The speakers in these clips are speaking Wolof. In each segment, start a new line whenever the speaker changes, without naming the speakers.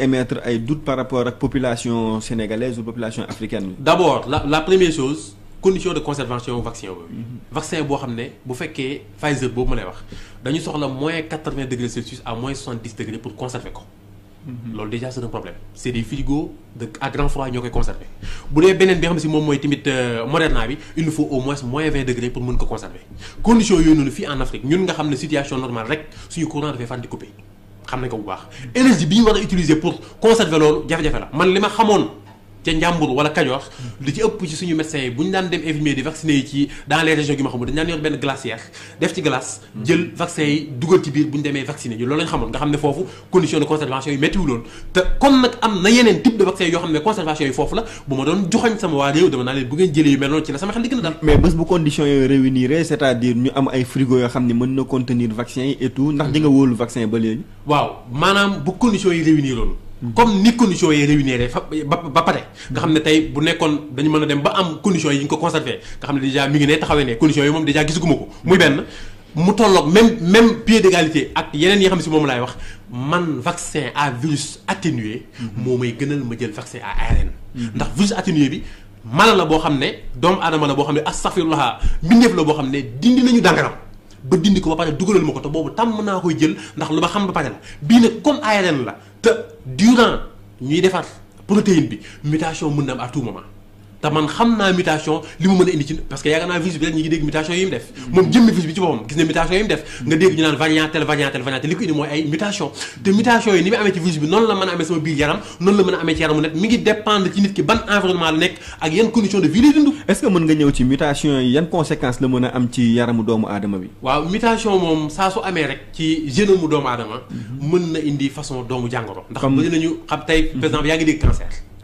émettre des doutes par rapport à la population sénégalaise ou population africaine
D'abord, la première chose condition de conservation du vaccin Le mhm. vaccin est bon, vous bu que Pfizer Il y a moins 80 degrés Celsius à moins 70 degrés pour conserver ko. Mhm. déjà c'est un problème c'est des frigos de à grand froid qui ont conserver bu dee beneen si euh, il nous faut au moins moins 20 degrés pour nous ko conserver condition est noonu en Afrique Nous avons une situation normale rek le courant dafay fan di couper je les ko bu énergie utiliser pour conserver loolu jafe la man ca Njàmbur wala Kajoor hmm. li ci ëpp ci suñu médecins yi bu daan dem infirmier di vacciner ci dans les régions yi ma xamul dañu daan yor benn glacière def ci glace hmm. jël vaccin yi dugal ci biir bu démé vacciner ñu loolu lañ xamul nga xamné fofu condition de conservation yi méttiwul woon te comme nak am na yeneen type de vaccin yo xamné conservation yi fofu la bu ma doon joxagn sama waa réew dama na leen bu ngeen jëlee yu mel non ci la sama xel di gën dal mais
bës bu condition yooyu réunir c'est-à-dire ñu am ay frigo yo xamné ne mën na
contenir vaccin yi et tout ndax di nga hmm. wolu vaccin ba léegi waaw manam bu condition yi réunir loolu comme ni conditions yi réunir ba paré nga xamné tay bu nékkone dañu mëna dem ba am conditions yi ñu ko conservé nga xam ne mi ngi né taxawé né conditions yi moom déjà gisuguma ko. muy benn mu tolloog même même pied d'égalité ak yeneen yi xam si moom laay wax man vaccin à virus atténué. momay may gënal ma jël vaccin à ARN. ndax virus atténué bi mala la bo xamné ne doomu aadama la boo xam ne astaghfirullah mbindeef la boo xam dindi nañu dangaram. ba dindi ko ba pare dugalal ma ko te boobu tàmm naa koy jël ndax lu ma xam ba pare la bii nag comme ARN la te durant ñuy defar protéine bi mutation mën na am à tout moment te man mutation limu mu indi ci parce que yaakaar na virus bi rek ngi dégg mutation yi mu def moom jëmmi virus bi ci boppam gis na mutation yi mu def nga dégg ñu nan variant tel variant tel variant tel li ko indi moy ay mutation te mutation yi ni mu amé ci virus bi non la mën amé sama biir yaram non la mën amé ci yaramu nit mi ngi dépendre ci nit ki ban environnement la nek ak yeen condition de vie lay dund
est-ce que mën nga ñëw ci mutation yi yeen conséquence la mën am ci yaramu doomu adama bi
waaw mutation mom saa su amee rek ci génome mu doomu adama mën na indi façon doomu jangoro ndax bëri nañu xam tay président exemple ngi dégg cancer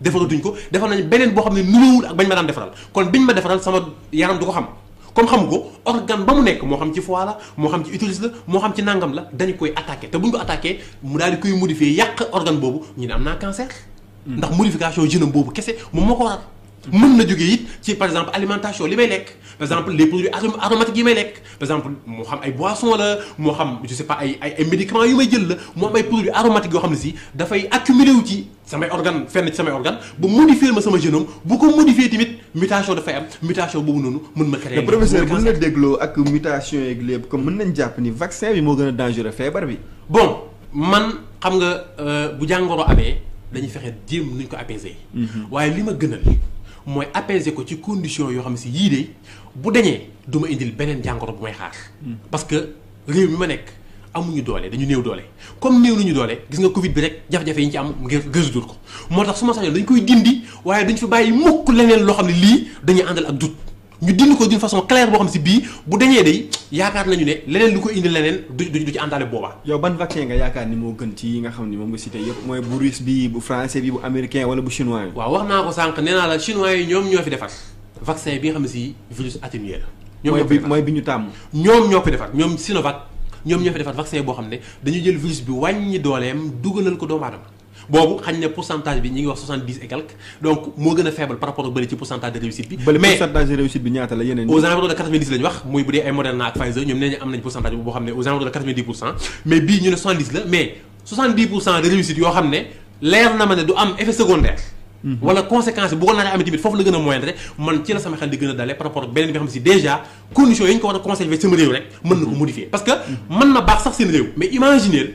defaratuñ ko defar nañ beneen boo xam ne nuróowul ak bañ ma daan defaral kon biñ ma defaral sama yaram du ko xam comme xamu ko organe ba mu nekk moo xam ci foie la moo xam ci utérus la moo xam ci nangam la dañu koy attaqué te buñ ko attaqué mu daal di koy modifier yàq organe boobu ñu ne am naa cancer. Hmm. ndax modification génome boobu kese moom moo ko waral. mën na jógee it ci par exemple alimentation li may lekk par exemple les produits aromatiques yi may lekk par exemple moo xam ay boissons la moo xam je sais pas ay ay ay médicaments yu may jël la moo am ay produits aromatiques yoo xam ne si dafay accumuler wu ci samay organe fenn ci samay organe bu modifier ma sama génome bu ko modifier tamit mutation dafay am mutation boobu noonu mën ma créer. professeur bu la
dégloo ak mutation yeeg lépp comme mën nañ jàpp ni vaccin bi moo gën a dangereux feebar bi.
bon man xam nga euh, bu jàngoro amee dañuy fexe jéem nuñ ko apaiser. Mm-hmm. waaye li ma gënal moy apaiser ko ci condition yo xamni ne si de bu dañee duma indil benen jangoro bu may xaar. Mm. parce que rew mi ma nek amuñu doole dañu new doole comme néew nañu doole gis nga Covid bi rek jaf jafe yi ci am ngir résoudre ko motax suma su dañ koy dindi waye duñ fi bayyi mukk leneen lo xamni li dañuy andal ak dut ñu dindi ko d'une façon claire boo xam si bii bu dañee day yaakaar nañu ne leneen lu ko indi leneen du ci àndaale booba yow ban vaccin nga yaakaar ni moo gën ci nga xam ni moom nga cité yëpp mooy bu russe bi bu français bi bu américain wala bu chinois yi. waaw wax naa ko sànq nee naa la chinois yi ñoom ñoo fi defar vaccin bi xam ne si virus atténué la. ñoom mooy bi ñu tàmm. ñoom ñoo fi defar ñoom Sinovac ñoom ñoo fi defar vaccin boo xam ne dañu jël virus bi wàññi dooleem dugalal ko doomu bobu xagné pourcentage bi ñi ngi wax 70 et quelque donc mo gën faible par rapport ak bële ci pourcentage de réussite bi. mais
pourcentage de réussite bi ñaata la yeneen. aux
environs de 90 la ñu wax muy bu ay Moderna ak Pfizer ñom néñu am nañ pourcentage boo xam ne aux environs de 90 mais bi ñu né 70 la mais 70 de réussite yo xamné ne na mané du am effet secondaire. Mhm. wala conséquence bu ko laajee amee tamit foofu la gën a moindre man ci la sama xel di gën a dalee par rapport ak beneen bi xam si déjà condition yi ñu ko war a conserver sama réew rek mën na ko modifier parce que man mhm. ma baax sax seen réew mais imaginez